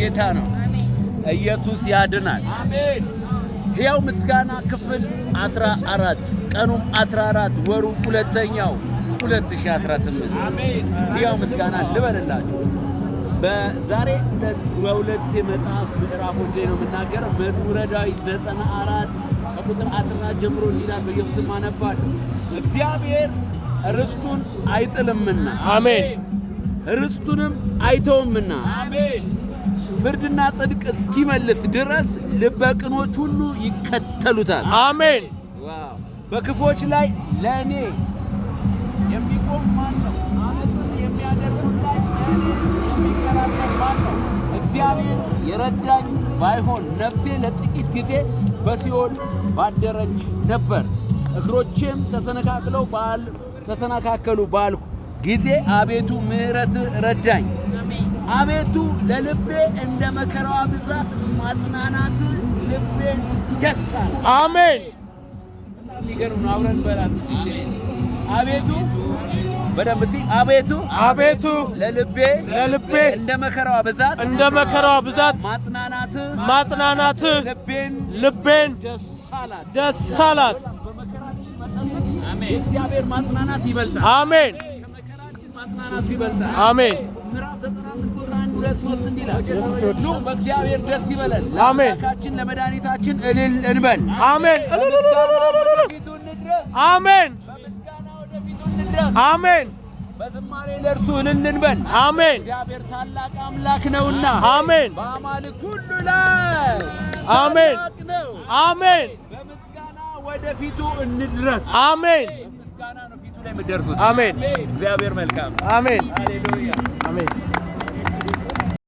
ጌታ ነው። ኢየሱስ ያድናል። ሕያው ምስጋና ክፍል 14 ቀኑም 14 ወሩ ሁለተኛው 2018 ሕያው ምስጋና ልበልላችሁ። በዛሬ በሁለት የመጽሐፍ ምዕራፎች ላይ ነው የምናገረው። መዝሙረ ዳዊት 94 ከቁጥር 14 ጀምሮ እንዲላል በኢየሱስ ማነባል እግዚአብሔር ርስቱን አይጥልምና፣ አሜን፣ ርስቱንም አይተውምና፣ አሜን ፍርድና ጽድቅ እስኪመልስ ድረስ ልበቅኖች ቅኖች ሁሉ ይከተሉታል። አሜን። በክፎች ላይ ለእኔ የሚቆም ማን ነው? አመፅን የሚያደርጉት ላይ የሚከራከር ማን ነው? እግዚአብሔር የረዳኝ ባይሆን ነፍሴ ለጥቂት ጊዜ በሲኦል ባደረች ነበር። እግሮቼም ተሰነካክለው ተሰነካከሉ ባልኩ ጊዜ አቤቱ ምሕረት ረዳኝ። አቤቱ ለልቤ እንደ መከራዋ ብዛት ማጽናናት ልቤ ደስ አለ። አሜን። የሚገርም ነው። አብረን በላት አቤቱ በደንብ ሲ አቤቱ አቤቱ ለልቤ ለልቤ እንደ መከራዋ ብዛት እንደ መከራዋ ብዛት ማጽናናት ማጽናናት ልቤን ልቤን ደስ አላት ደስ አላት። አሜን። እግዚአብሔር ማጽናናት ይበልጣል። አሜን። ከመከራችን ማጽናናቱ ይበልጣል። አሜን። ምዕራፍ ዘጠና ቁጥር አንድ ሁለት ሶስት እንዲህ ይላል፣ ኑ በእግዚአብሔር ደስ ይበለን፣ ለአምላካችን ለመድኃኒታችን እልል እንበል። አሜን። አሜን። በምስጋና አሜን። በዝማሬ ለእርሱ እልል እንበል። አሜን። እግዚአብሔር ታላቅ አምላክ ነውና፣ አሜን። በአማልክ ሁሉ ላይ አሜን አሜን። በምስጋና ወደፊቱ እንድረስ። አሜን። የምትደርሱት። አሜን። እግዚአብሔር መልካም። አሜን። ሃሌሉያ። አሜን።